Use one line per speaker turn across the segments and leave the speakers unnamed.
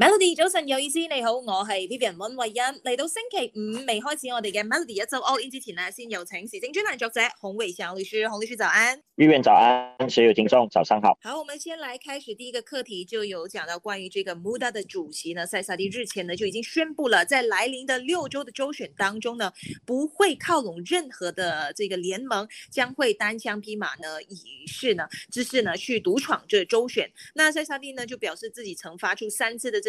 Melody 早晨有意思，你好，我係 Vivian 温慧欣。嚟到星期五未開始我哋嘅 Melody 一周 all in 之前呢，先有請時政專欄作者洪偉祥律師，洪律師早安。玉燕早
安，所有聽眾早上好。好，
我們先來開始第一個課題，就有講到關於這個 MUDA 的主席呢，塞薩蒂日前呢就已經宣布了，在來臨的六州的州選當中呢，不會靠攏任何的這個聯盟，將會單槍匹馬呢，以是呢之勢呢去獨闖這州選。那塞薩蒂呢就表示自己曾發出三次的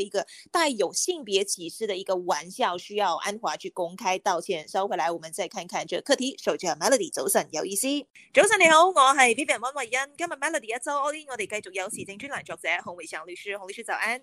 一個帶有性別歧視的一個玩笑，需要安華去公開道歉。收、so, 回來，我們再看看這課題。首機 Melody，早晨，有意思。早晨你好，我係 Vivian 溫慧欣。今日 Melody 一周 All In，我哋繼續有時政專欄作者洪偉祥律師，洪律師早安。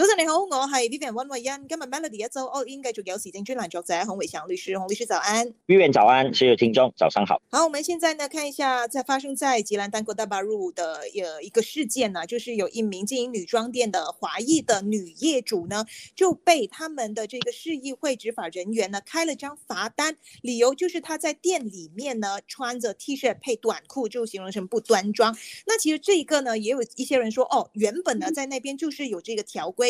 早晨你好，我係 Vivian 溫慧欣。今日 Melody 一周 all in 繼續有時政專欄作者洪偉翔律師，洪律師早安
，Vivian 早安，所有聽眾早上好。
好，我們現在呢，看一下在發生在吉蘭丹哥打峇魯的有一個事件呢，就是有一名經營女裝店的華裔的女業主呢，就被他們的這個市議會執法人員呢開了張罰單，理由就是她在店裡面呢穿着 T 恤配短褲，就形容成不端莊。那其實這一個呢，也有一些人說，哦，原本呢在那邊就是有這個條規。